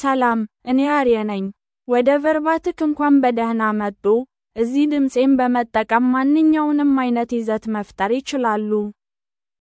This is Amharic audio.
ሰላም፣ እኔ አርየ ነኝ። ወደ ቨርባትክ እንኳን በደህና መጡ። እዚህ ድምፄን በመጠቀም ማንኛውንም አይነት ይዘት መፍጠር ይችላሉ።